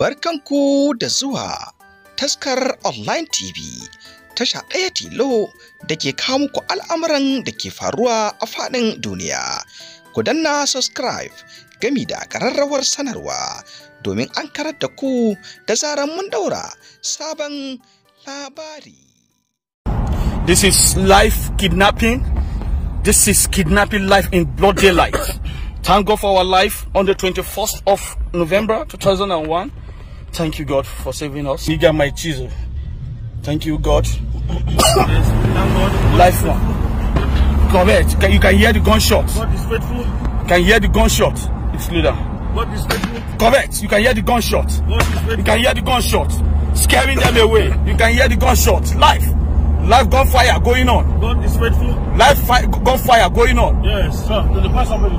barkanku da zuwa taskar online tv tasha ɗaya tilo da ke kawo muku al'amuran da ke faruwa a faɗin duniya ku danna subscribe gami da ƙararrawar sanarwa domin an karar da ku da zaran mun daura sabon labari this is life kidnapping this is kidnapping life in blood daylight Thank God for our life on the 21st of November 2001. Thank you, God, for saving us. Niga my Jesus. Thank you, God. Life one. Correct. Can, you can hear the gunshot. God is faithful. Can hear the gunshot. It's leader. God is faithful. Correct. You can hear the gunshot. God is faithful. You can hear the gunshot. Scaring them away. You can hear the gunshot. Life. Life gunfire going on. God is faithful. Life fi gunfire going on. Yes, sir. They pass somebody.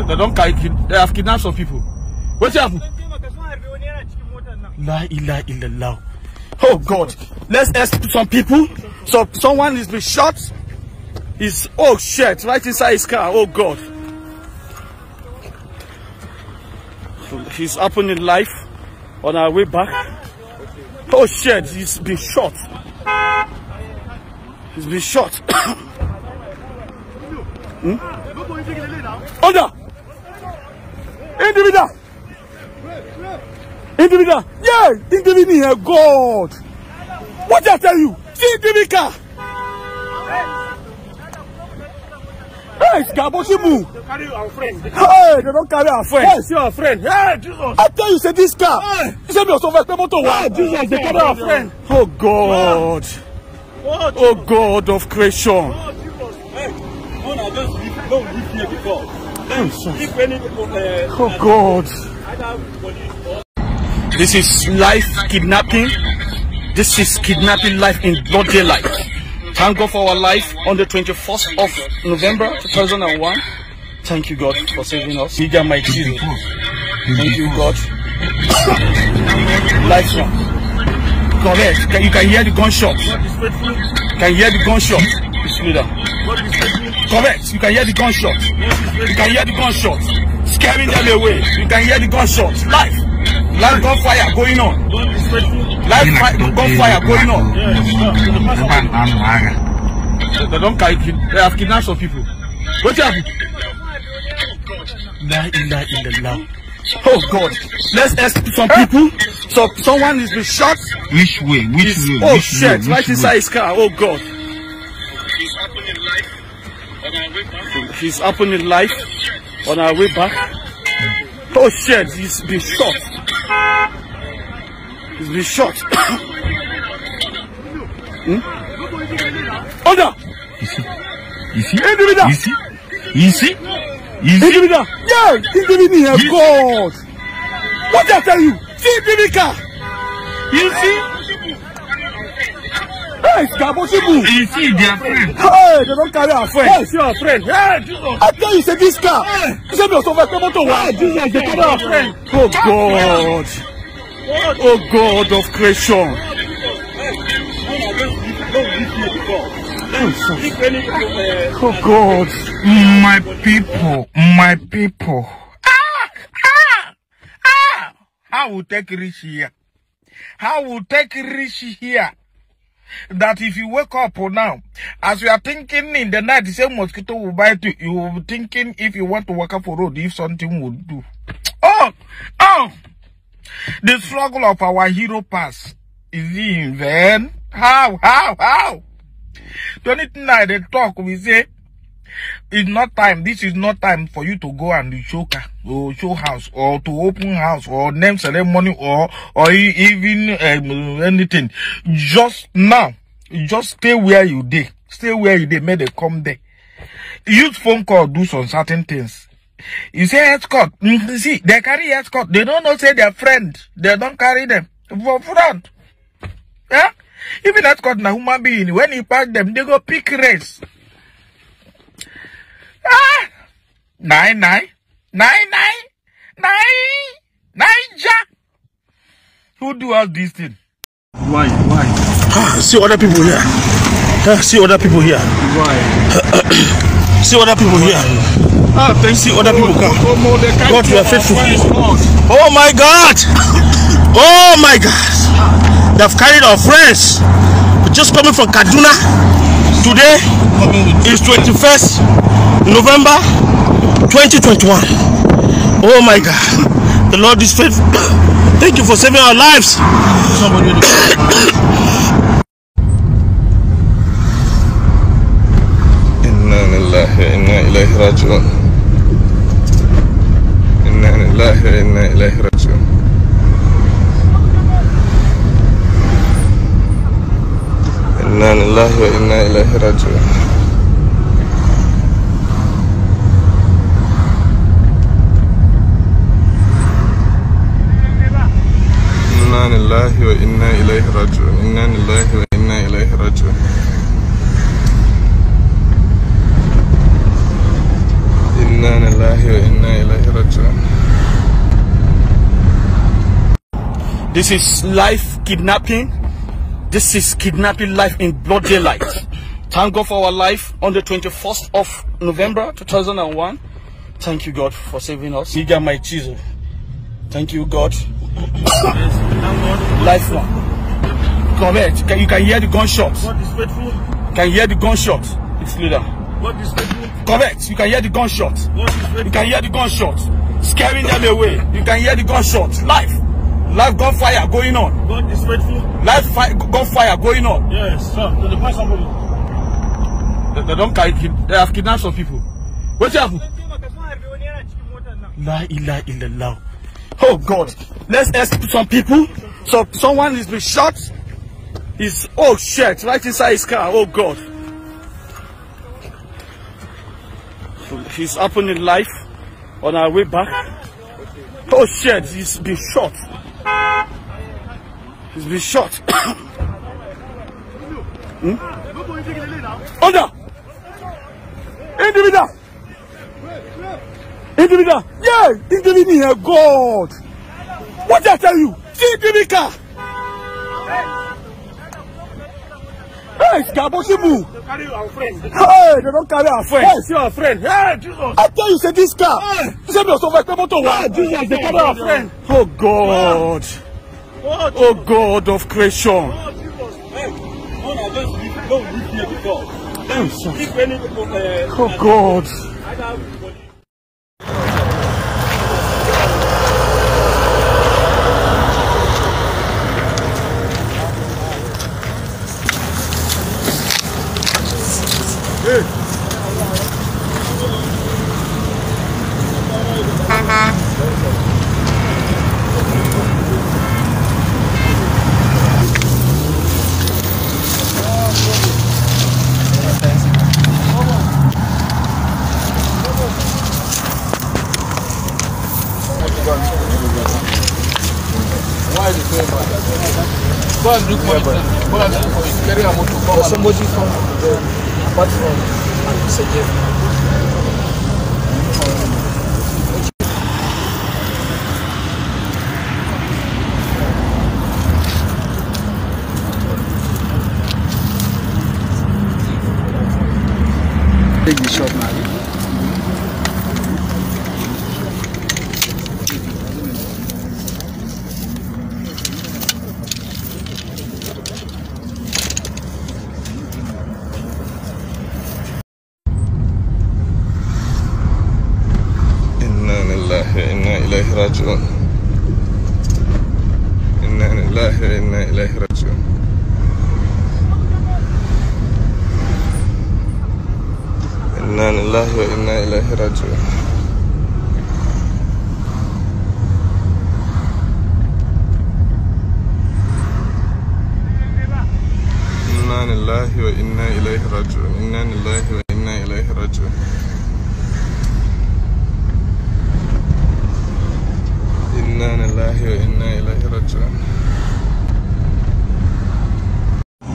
They, they don't carry. They have kidnapped some people. What's happened? La ilaha illallah. Oh God. Let's ask some people. So someone is been shot. Is oh shit right inside his car. Oh God. he's happening life on our way back. Oh shit, he's been shot. He's been shot. hmm? Individual! Indivika. Yeah, Indivika here, God. What did I tell you? Indivika. Hey, Skaboshimu. They carry our friend. Hey, they don't carry our friend. Hey, see our friend. Hey, Jesus. I tell you, say this car. Hey. You say me also make motor one. Jesus, they carry our friend. Oh God. Oh, oh God of creation. Oh Jesus. Hey, don't live here before. Uh, oh God. Either police This is life kidnapping. This is kidnapping life in broad daylight. Thank God for our life on the 21st of November 2001. Thank you, God, for saving us. Media my Jesus. Thank you, God. life Correct. Can, you can hear the gunshots. Can hear the gunshot. Correct. You can hear the gunshots. You can hear the gunshots. Scaring them away. You can hear the gunshots. Life. live gunfire going on live gunfire going on. they don carry they have kidnapped some people wetin happen. na ina ina now. Oh God, let's ask some people. So someone is been shot. Which way? Which He's, way? Oh which shit! Way? Right inside his car. Oh God. He's happening life on our way back. Oh shit! He's been shot. He's been shot. hmm? Order! Ici. Ici. Individual. Ici. Ici. Ici. Individual. Yeah, Indivini has Ici. got. What did I tell you? Individual car. Ici. Hey, it's Kaboshibu. Ici, their friend. Hey, they don't carry our friend. Hey, see our friend. Hey, I tell you, say this car. Hey. Say, me, so, my motor. Hey, Jesus, they our friend. Oh, God. Oh God of creation. Oh God. My people, my people. Ah, ah, ah. How will take reach here? How will take reach here? that if you wake up now, as you are thinking in the night, the same mosquito will bite you. You will be thinking if you want to walk up for road, if something will do. Oh, oh. The struggle of our hero past is in vain. How, how, how? The only thing that they talk, we say, it's not time. This is not time for you to go and show car or show house or to open house or name ceremony or or e, even um, anything. Just now, just stay where you did. Stay where you did. May they come there. Use phone call, do some certain things. You say escort. Mm See, they carry escort. They don't know say their friend. They don't carry them for front. Yeah? Even escort na human being. When you pass them, they go pick race. Ah! Nine, nine. Nine, nine. Nine. Nine, Jack. Who do all these things? Why? Why? Ah, see other people here. Ah, see other people here. Why? see other people Why? here. Ah, then see other people come. God, you are faithful. Oh my God! Oh my God! They have carried our friends. We're just coming from Kaduna. Today is 21st November 2021. Oh my God! The Lord is faithful. Thank you for saving our lives. إليه راجعون إنا لله وإنا إليه راجعون إنا لله وإنا إليه راجعون إنا لله وإنا إليه راجعون إنا لله وإنا This is life kidnapping. This is kidnapping life in broad daylight. Thank God for our life on the 21st of November 2001. Thank you, God, for saving us. Niga my Jesus. Thank you, God. life one. Correct. Can, you can hear the gunshots. God is faithful. Can hear the gunshots. It's leader. God is faithful. Correct. You can hear the gunshots. God is faithful. You can hear the gunshots, Scaring them away. You can hear the gunshots. Life. Live gunfire going on. God is faithful. Live fi gunfire going on. Yes, sir. They find somebody. They, they don't kill. They have kidnapped some people. What happened? La ilaha Oh God. Let's ask some people. So someone is been shot. He's oh shit right inside his car. Oh God. He's happening life, on our way back. Oh shit, he's been shot. He's been shot. hmm? Order! Individual! Individual! Yeah! Individual God! What did I tell you? Individual! Hey, it's Gabosibu! Carry Hey, they don't carry our friend. Hey, see our friend. Hey, Jesus! I tell you, say this car! Hey. You say, me also, my motor. to Jesus, they carry our friend. Oh, God! Yeah. O oh God of creation. Uh, oh God. Bank look for it. Bank look for it. Carry a motor. For somebody from the, apart from Sejev. Take the shot now.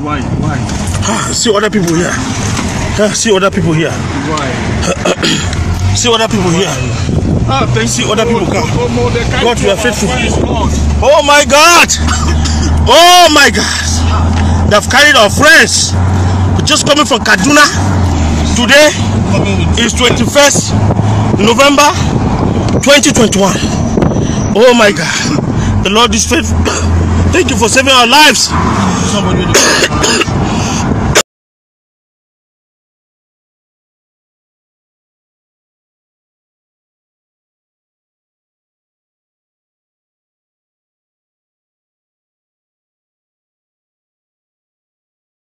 why why see other people here see other people here why see other people here Ah, thank see other people come. Oh, oh, oh, God, we are faithful. Oh my God! Oh my God! They've carried our friends. just coming from Kaduna. Today is 21st November 2021. Oh my God. The Lord is faithful. Thank you for saving our lives.